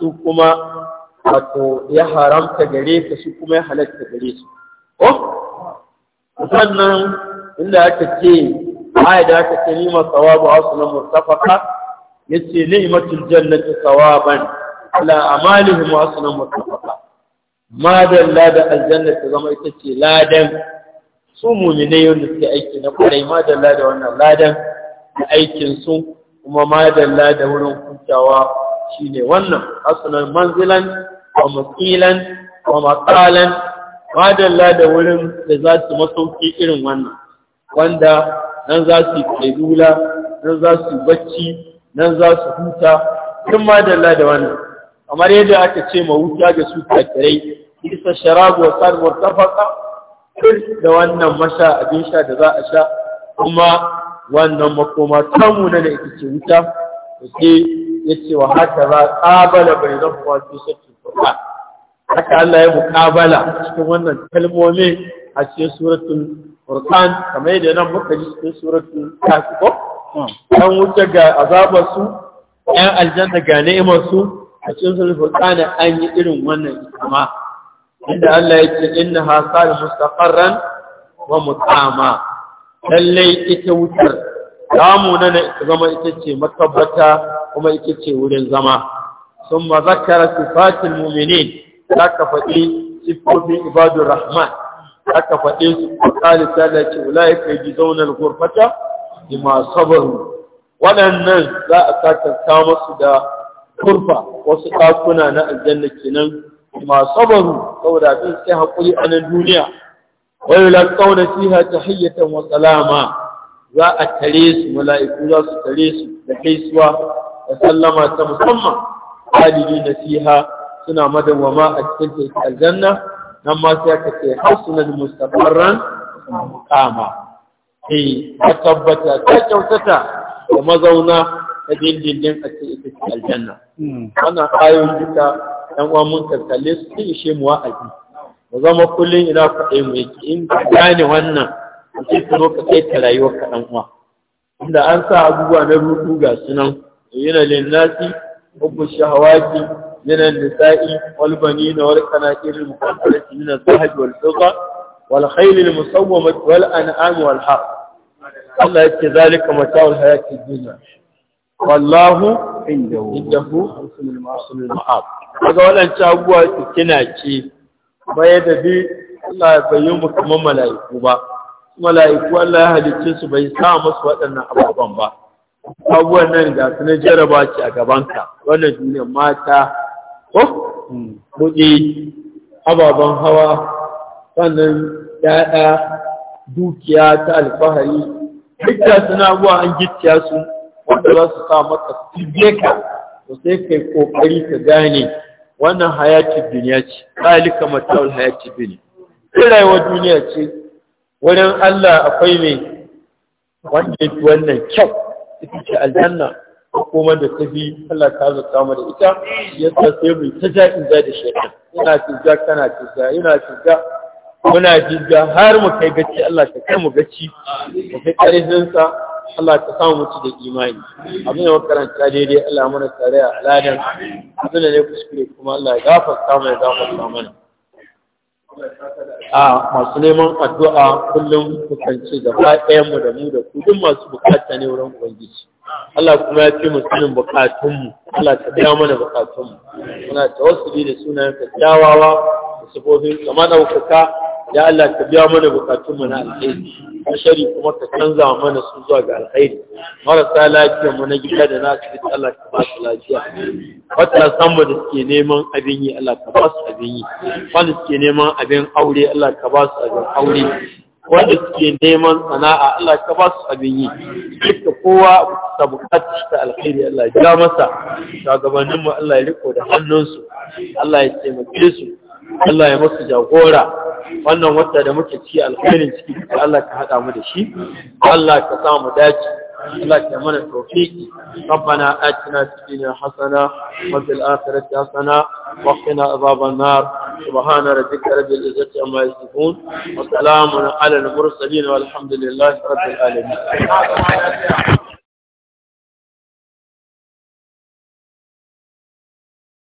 su kuma wato ya haramta gare ka su kuma ya halatta gare su sannan inda aka ce aya da aka ce nima sawabu asulan mustafaka yace ni'matul jannati sawaban ala amalihim asulan mustafaka madalla da aljanna ta zama ita ce ladan su muminai wanda suke aiki na kwarai madalla da wannan ladan da aikin su kuma madalla da wurin hutawa shine wannan asunan manzilan wa matsilan wa matsalan. madalla da wurin da za su masauki irin wannan wanda nan za su yi dula nan za su bacci nan za su huta Sun madalla da wannan kamar yadda aka ce ma wuta ga su kafirai isa sharabu wa sarwar tafaka da wannan masha abin sha da za a sha kuma wannan makoma tamu na da ita ce wuta da ke ya ce wa haka za a ƙabala bai zan kuma fi shakin ƙura haka Allah ya ƙabala cikin wannan kalmomi a cikin suratun Furkan. kamar yadda nan muka ji cikin suratun Kafi ko wuce ga azabar su ɗan aljanna ga ni'imar su a cikin suratun Furqan an yi irin wannan ikama inda Allah ya ce inna hasal mustaqarran wa mutama lallai ita wutar zamu na zama ita ce matabbata kuma ita ce wurin zama sun zakara sifatil mu'minin zaka faɗi sifofi ibadur rahman zaka faɗi su kali sallah ce ulai kai zauna ghurfata bima sabaru waɗannan za a sakanta musu da kurfa wasu ɗakuna na aljanna kenan Kuma sabaru saboda sun sai hakuri a nan duniya wa da fiha ta wa salama za a tare su mala'iku za su tare su da kaisuwa da sallama ta musamman na fiha suna madawama a cikin aljanna nan ma sai aka ce hasunan ran kama eh ta tabbata ta kyautata da mazauna ta dindindin a cikin aljanna wannan ayoyin duka ɗan uwan mun kalkalle su ne ishe mu wa'azi mu zama kullun ina ku ɗaya mu yake in gane wannan a ce kai ta rayuwar kaɗan ɗan uwa inda an sa abubuwa na rudu ga su nan yana linnati hubbu shahawati min an-nisa'i wal banina wal qanatir al muqaddarati min az-zahab wal fidda wal khayl al musawwamat wal an'am wal harb Allah yake zalika mata'ul hayati dunya wallahu indahu husnul ma'ab kaga wadancan abubuwa kina ce baya da bi Allah ya bayyana mu kamar mala'iku ba mala'iku Allah ya halicce su bai sa musu waɗannan abubuwan ba abubuwan nan ga su na jaraba ce a gabanka wannan duniyar mata ko kuɗi ababen hawa sannan ya'ya dukiya ta alfahari duk da suna abubuwa an gicciya su wanda za su sa maka tsibe ka to sai kai kokari ka gane wannan hayatin duniya ce zalika mata'ul bini dunya rayuwar duniya ce wurin Allah akwai mai wanda yi wannan kyau ita ce aljanna kuma da ta bi Allah ta zata da ita yadda sai mu ta ja in da shaitan ina tijja kana tijja yana tijja muna jijja har mu kai gaci Allah ka kai mu gaci mu kai karfin sa Allah ka samu mutu da imani abin da makaranta daidai Allah mana tare a aladan abin da ne kuskure kuma Allah ya gafarta mana gafarta mana a masu neman addu'a kullum kusanci gaba ɗayan mu da mu da ku masu bukata ne wurin ubangiji Allah kuma ya fi musulun sanin bukatunmu Allah ta biya mana bukatunmu muna tawassuli da sunayen kyawawa da sifofin kamar ɗaukaka ya Allah ka biya mana bukatun mu na alheri Ka shari kuma ka canza mana su zuwa ga alheri marasa lafiya mu na gida da na asibiti Allah ka ba su lafiya matasan mu da suke neman abin yi Allah ka ba su abin yi wanda suke neman abin aure Allah ka ba su abin aure wanda suke neman sana'a Allah ka ba su abin yi duka kowa ta bukatar ta alheri Allah ya masa shugabanninmu Allah ya riko da hannunsu Allah ya taimake su Allah ya masu jagora wannan wata da muke ci alkhairin ciki da Allah ka haɗa mu da shi Allah ka sa mu Allah ka mana taufiki rabbana atina fid dunya hasana wa fil akhirati hasana wa qina adhaban nar subhana rabbika rabbil izzati amma yasifun wa salamun ala al mursalin walhamdulillahi rabbil alamin